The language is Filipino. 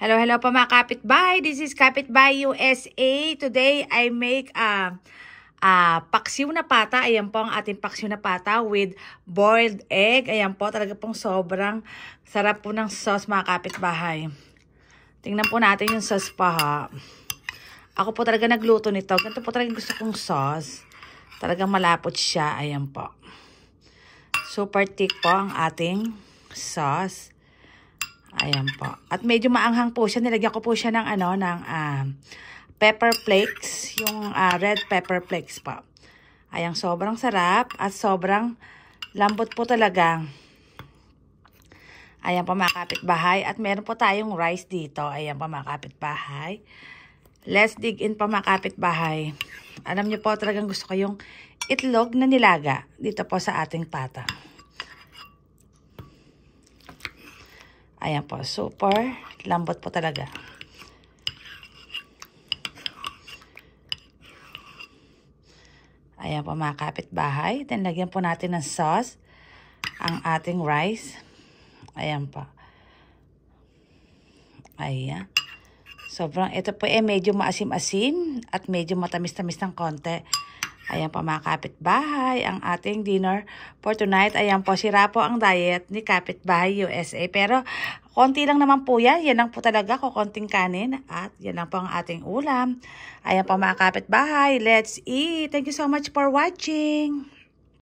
Hello, hello po mga kapitbahay. This is Kapitbahay USA. Today, I make a, ah, a ah, paksiw na pata. Ayan po ang ating paksiw na pata with boiled egg. Ayan po, talaga pong sobrang sarap po ng sauce mga kapitbahay. Tingnan po natin yung sauce pa ha. Ako po talaga nagluto nito. Ganito po talaga gusto kong sauce. Talagang malapot siya. Ayan po. Super thick po ang ating sauce. Ayan po. At medyo maanghang po siya. Nilagyan ko po siya ng ano, ng um, pepper flakes. Yung uh, red pepper flakes po. Ayan, sobrang sarap at sobrang lambot po talaga. Ayan po mga bahay At meron po tayong rice dito. Ayan po mga bahay Let's dig in po mga kapitbahay. Alam niyo po talagang gusto ko yung itlog na nilaga dito po sa ating pata. Ayan po, super lambot po talaga. Ayan po mga kapitbahay. Then, lagyan po natin ng sauce ang ating rice. Ayan po. Ayan. Sobrang, ito po eh medyo maasim-asim at medyo matamis-tamis ng konti. Ayan po mga kapitbahay, ang ating dinner for tonight. Ayan po, sira po ang diet ni Kapitbahay USA. Pero konti lang naman po yan. Yan lang po talaga, konting kanin. At yan lang po ang ating ulam. Ayan po mga kapitbahay, let's eat. Thank you so much for watching.